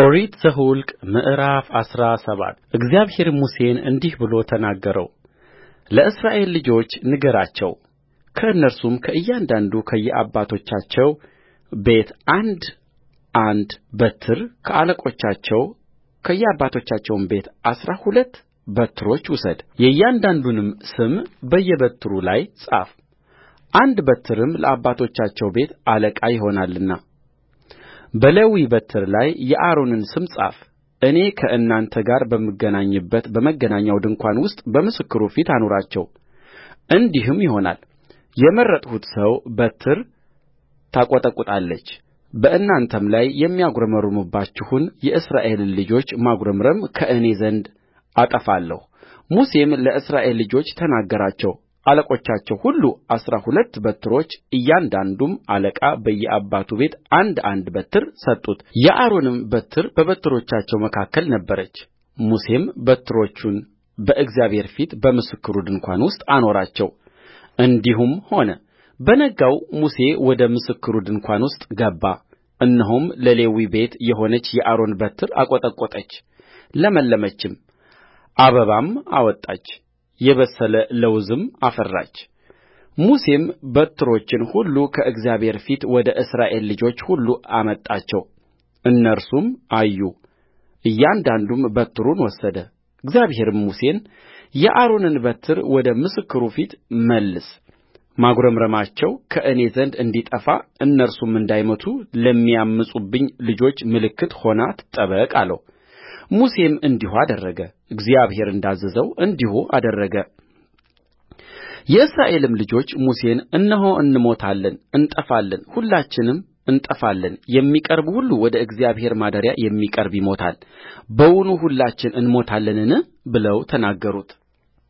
ኦሪት ዘኍልቍ ምዕራፍ አስራ ሰባት እግዚአብሔርም ሙሴን እንዲህ ብሎ ተናገረው ለእስራኤል ልጆች ንገራቸው ከእነርሱም ከእያንዳንዱ ከየአባቶቻቸው ቤት አንድ አንድ በትር ከአለቆቻቸው ከየአባቶቻቸውም ቤት አሥራ ሁለት በትሮች ውሰድ የእያንዳንዱንም ስም በየበትሩ ላይ ጻፍ አንድ በትርም ለአባቶቻቸው ቤት አለቃ ይሆናልና በሌዊ በትር ላይ የአሮንን ስም ጻፍ እኔ ከእናንተ ጋር በምገናኝበት በመገናኛው ድንኳን ውስጥ በምስክሩ ፊት አኑራቸውእንዲህም ይሆናል የመረጥሁት ሰው በትር ታቈጠቍጣለች በእናንተም ላይ የሚያጕረመርሙባችሁን የእስራኤልን ልጆች ማጕረምረም ከእኔ ዘንድ አጠፋለሁሙሴም ለእስራኤል ልጆች ተናገራቸው አለቆቻቸው ሁሉ አሥራ ሁለት በትሮች እያንዳንዱም አለቃ በየአባቱ ቤት አንድ አንድ በትር ሰጡት የአሮንም በትር በበትሮቻቸው መካከል ነበረች ሙሴም በትሮቹን በእግዚአብሔር ፊት በምስክሩ ድንኳን ውስጥ አኖራቸው እንዲሁም ሆነ በነጋው ሙሴ ወደ ምስክሩ ድንኳን ውስጥ ገባ እነሆም ለሌዊ ቤት የሆነች የአሮን በትር አቈጠቈጠች ለመለመችም አበባም አወጣች የበሰለ ለውዝም አፈራች ሙሴም በትሮችን ሁሉ ከእግዚአብሔር ፊት ወደ እስራኤል ልጆች ሁሉ አመጣቸው እነርሱም አዩ እያንዳንዱም በትሩን ወሰደ እግዚአብሔርም ሙሴን የአሮንን በትር ወደ ምስክሩ ፊት መልስ ማጉረምረማቸው ከእኔ ዘንድ እንዲጠፋ እነርሱም እንዳይሞቱ ለሚያምፁብኝ ልጆች ምልክት ሆና ትጠበቅ አለው ሙሴም እንዲሁ አደረገ እግዚአብሔር እንዳዘዘው እንዲሁ የእስራኤልም ልጆች ሙሴን እነሆ እንሞታለን እንጠፋለን ሁላችንም እንጠፋለን የሚቀርብ ሁሉ ወደ እግዚአብሔር ማደሪያ የሚቀርብ ይሞታል በውኑ ሁላችን እንሞታለንን ብለው ተናገሩት